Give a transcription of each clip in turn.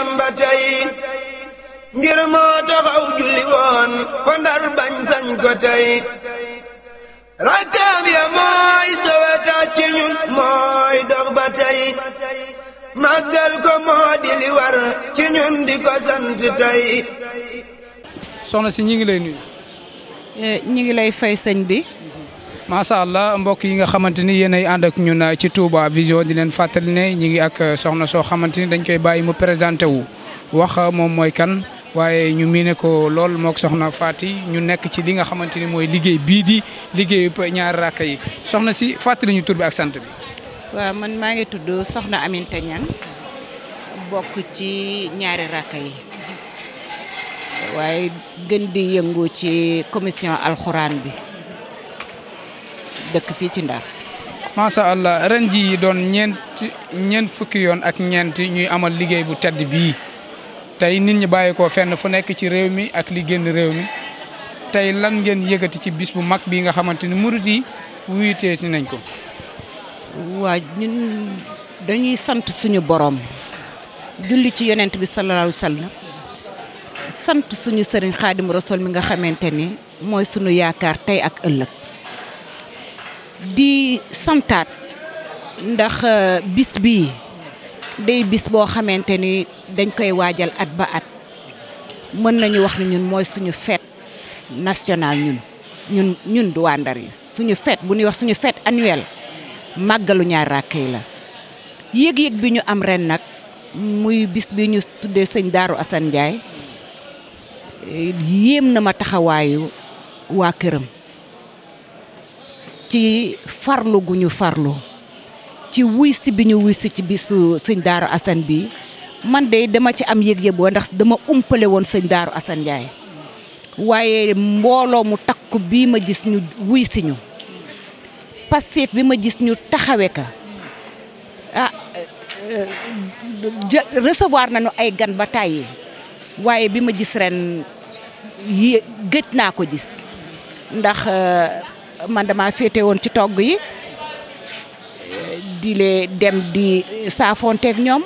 Bamba tey ngir moo taxaw julli woon fa bañ sañ ko tey rakkaam ya mooy soweta ci ñun mooy dox ba tey màggal ko moo di war ci ñun di ko sant tey soxna si ñi ngi lay nuyu eh, ñi ngi lay fay sëñ bi macha allah mbokk yi nga xamante ni yéenay ànd ak ñun ci Touba Vision di leen fàttali ne ñu ngi ak soxna soo xamante ni dañ koy bàyyi mu présenté wu wax moom mooy kan waaye ñu miine ko lool mook soxna Faty ñu nekk ci li nga xamante ni mooy liggéey bii di liggéeyu ñaari rakk yi soxna si fàttali ñu tur bi ak sant bi. waaw man maa ngi tudd soxna Aminta Niang bokk ci ñaari rakk yi waaye gën di yëngu ci commission alxuraan bi. dëkk fii ci Ndar. macha allah ren jii doon ñeent ñeent fukki yoon ak ñeent ñuy amal liggéey bu tedd bii tey nit ñi bàyyi ko fenn fu nekk ci réew mi ak li génn réew mi tey lan ngeen yëkkati ci bis bu mag bii nga xamante ni murit yi wuyutee ci nañ ko. waa ñun dañuy sant suñu boroom. julli ci yonent bi sallallahu alayhi wa sant suñu sëriñ xaadim rosol mi nga xamante ni mooy suñu yaakaar tey ak ëllëg. di santaat ndax euh, bis bii day bis boo xamante ni dañ koy waajal at ba at mën nañu wax ne ñun mooy suñu fête nationale ñun ñun du waa Ndar yi suñu fête bu ñuy wax suñu fête annuelle màggalu ñaar ràkk la yëg-yëg bi ñu am ren nag muy bis bi ñu tuddee sëñ Daaru Assane Ndiaye yéem na ma taxawaayu waa këram ci farlu gu ñu farlu ci wuy si bi ñu wuy si ci bisu sëñ Daaru Assane bi man de dama ci am yëg-yëg boo ndax dama umpale woon sëñ Daaru Assane Ndiaye waaye mbooloo mu takk bii ma gis ñu wuy si ñu passif bi ma gis ñu taxawe ka ah recevoir nañu ay gan ba tàyyi waaye bi ma gis ren yi gëj naa ko gis ndax man dama féete woon ci togg yi di lee dem di saafonteeg ñoom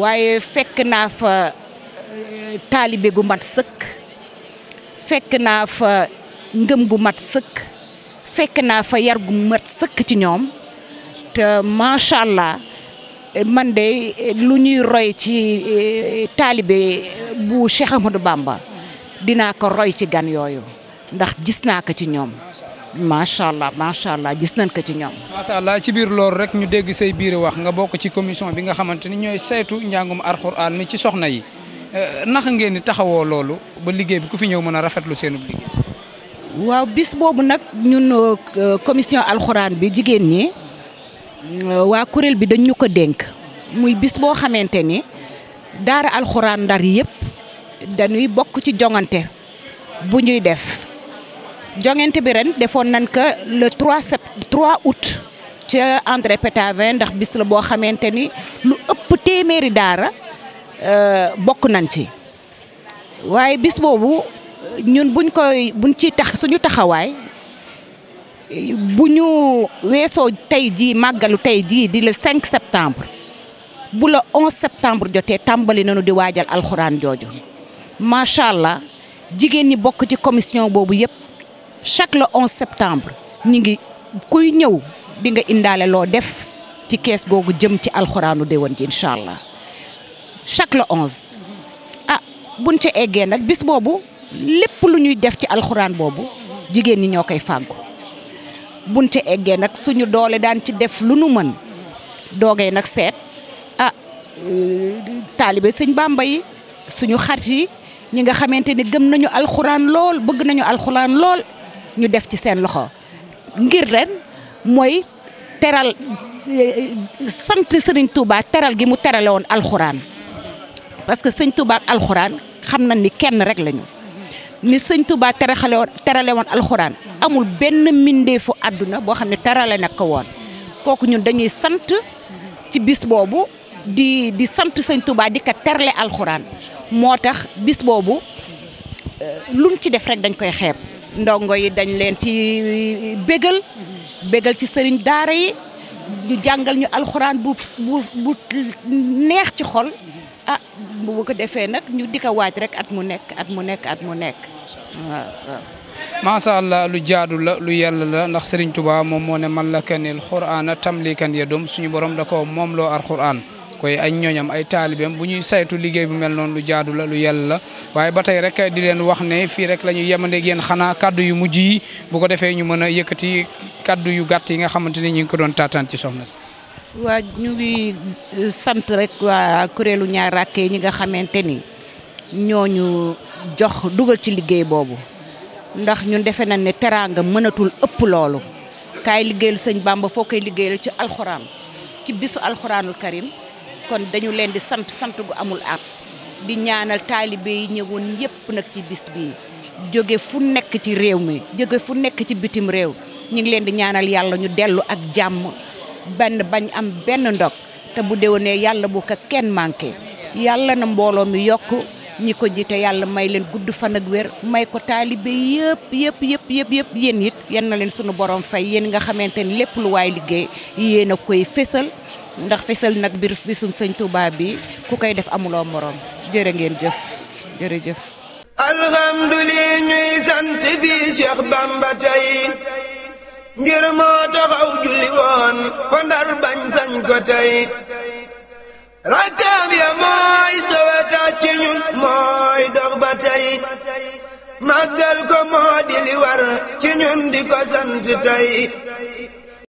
waaye fekk naa fa euh, taalibe gu mat sëkk fekk naa fa ngëm gu mat sëkk fekk naa fa yar gu mat sëkk ci ñoom te macha allah man de lu ñuy roy ci euh, taalibe bu Cheikh Ahmadou Bamba dinaa ko roy ci gan yooyu ndax gis naa ko ci ñoom macha allah macha allah gis nañ ko ci ñoom. macha allah ci biir loolu rek ñu dégg say biir wax nga bokk ci commission bi nga xamante ni ñooy saytu njàngum alxuraan mi ci soxna yi eh, nax ngeen di taxawoo loolu ba liggéey bi ku fi ñëw mën a rafetlu seen liggéey. waaw bis boobu nag ñun euh, commission alxuraan bi jigéen ñi euh, waa kuréel bi dañ ko dénk muy bis boo xamante ni daar alxuraan ndar yëpp dañuy bokk ci joŋante bu ñuy def. jongante bi ren defoon nañ ko le 3 sept trois août ca André Pétavin ndax bis la boo xamante ni lu ëpp téeméeri daara euh, bokk nañ ci waaye bis boobu ñun buñ koy buñ ci tax suñu taxawaay bu ñu weesoo tey jii màggalu tey jii di la 5 septembre bu la 11 septembre jotee tàmbali nanu di waajal alxuraan jooju macha allah jigéen ñi bokk ci commission boobu yëpp. chaque le 11 septembre ñi ngi kuy ñëw di nga indaale loo def ci kees googu jëm ci alxuraanu dewan ji incha allah chaque le onse ah buñ ci eggee nag bis boobu lépp lu ñuy def ci alxuraan boobu jigéen ñi ñoo koy fàggu buñ ci eggee nag suñu doole daan ci def lu nu mën doogee nag seet ah euh, taalibe sëñ Bàmba yi suñu xarit yi ñi nga xamante ni gëm nañu alxuraan lool bëgg nañu alxuraan lool ñu def ci seen loxo ngir ren mooy teral sant Serigne Touba teral gi mu terale woon alxuraan parce que sëñ Touba alxuraan xam na ni kenn rek lañu ni sëñ Touba terale terale woon alxuraan amul benn mbindeefu àdduna boo xam ne terale nag ko woon kooku ñun dañuy sant ci bis boobu di di sant sëñ Touba di ko terale alxuraan moo tax bis boobu euh, luñ ci def rek dañ koy xeeb. ndongo yi dañ leen ci bégal bégal ci sëriñ daara yi ñu jàngal ñu alxuraan bu bu neex ci xol ah bu ko defee nag ñu di ko waaj rek at mu nekk at mu nekk at mu nekk waaw waaw lu jaadu la lu yàlla la ndax Serigne Touba moom moo ne man la kanil xuraana tamlikan yadum suñu borom da ko moom loo alxuraan ko yi ay ñooñam ay taalibeem bu ñuy saytu liggéey bu mel noonu lu jaadu la lu yàlla la waaye ba tey rek di leen wax ne fii rek la ñuy yemandeeg yéen xanaa kàddu yu mujj yi bu ko defee ñu mën a yëkkati kàddu yu gàtt yi nga xamante ni ñu ngi ko doon taataan ci soxna waa ñu euh, sant rek waa kuréelu ñaar ràkke ñi nga xamante ni ñooñu jox dugal ci liggéey boobu ndax ñun defe nañ ne teraanga mënatul ëpp loolu kaay liggéeyal sëñ Bàmba foo koy liggéeyal ci alxuraan ci alxuraanul karim kon dañu leen di sant sant gu amul àpp di ñaanal taalibe yi ñëwoon yépp nag ci bis bii jóge fu nekk ci réew mi jóge fu nekk ci bitim réew ñu ngi leen di ñaanal yàlla ñu dellu ak jàmm benn bañ am benn ndog te bu déwénee yàlla bu ko kenn manqué yàlla na mbooloo yokk ñi ko jiite yàlla may leen gudd fan ak wér may ko taalibe yëpp yëpp yëpp yëpp yëpp yéen it na leen sunu borom fay yéen nga xamante ni lépp lu waaye liggéey yéen a koy fesal ndax fesal nag bi bisum sëñ Touba bi ku koy def amuloo morom jërë ngeen jëf jërëjëf. alhamdulilah ñuy sant fii Cheikh Bamba tey ngir moo taxaw julli woon fa bañ sañ ko tey rakkaam ya mooy mooy dox ba tey màggal ko moo di li war di ko sant